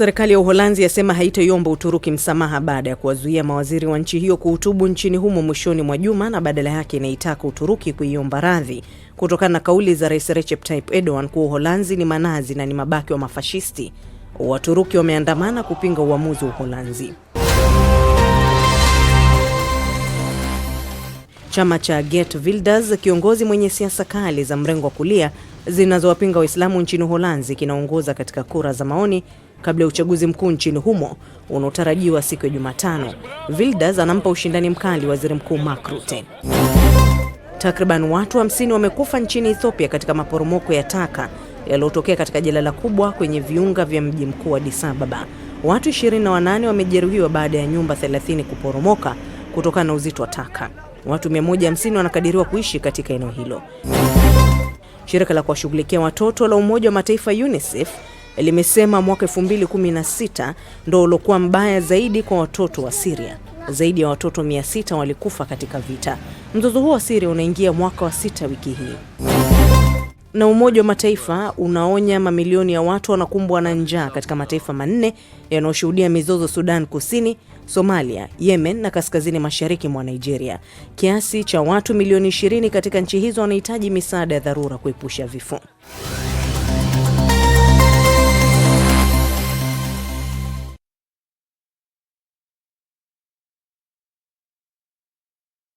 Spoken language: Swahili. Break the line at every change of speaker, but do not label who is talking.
Serikali ya Uholanzi yasema haitaiomba Uturuki msamaha baada ya kuwazuia mawaziri wa nchi hiyo kuhutubu nchini humo mwishoni mwa juma, na badala yake inaitaka Uturuki kuiomba radhi kutokana na kauli za Rais Recep Tayyip Erdogan kuwa Uholanzi ni manazi na ni mabaki wa mafashisti. Waturuki wameandamana kupinga uamuzi wa Uholanzi. Chama cha Geert Wilders, kiongozi mwenye siasa kali za mrengo wa kulia zinazowapinga Waislamu nchini Uholanzi, kinaongoza katika kura za maoni kabla ya uchaguzi mkuu nchini humo unaotarajiwa siku ya Jumatano. Vilders anampa ushindani mkali waziri mkuu Mark Rutte. Takriban watu 50 wamekufa nchini Ethiopia katika maporomoko ya taka yaliyotokea katika jalala kubwa kwenye viunga vya mji mkuu wa Addis Ababa. Watu 28 wamejeruhiwa baada ya nyumba 30 kuporomoka kutokana na uzito wa taka. Watu 150 wanakadiriwa kuishi katika eneo hilo. Shirika la kuwashughulikia watoto la Umoja wa Mataifa UNICEF limesema mwaka 2016 ndo uliokuwa mbaya zaidi kwa watoto wa Syria. Zaidi ya watoto 600 walikufa katika vita. Mzozo huo wa Syria unaingia mwaka wa sita wiki hii. Na Umoja wa Mataifa unaonya mamilioni ya watu wanakumbwa na njaa katika mataifa manne yanayoshuhudia mizozo: Sudan Kusini, Somalia, Yemen na kaskazini mashariki mwa Nigeria. Kiasi cha watu milioni 20 katika nchi hizo wanahitaji misaada ya dharura kuepusha vifo.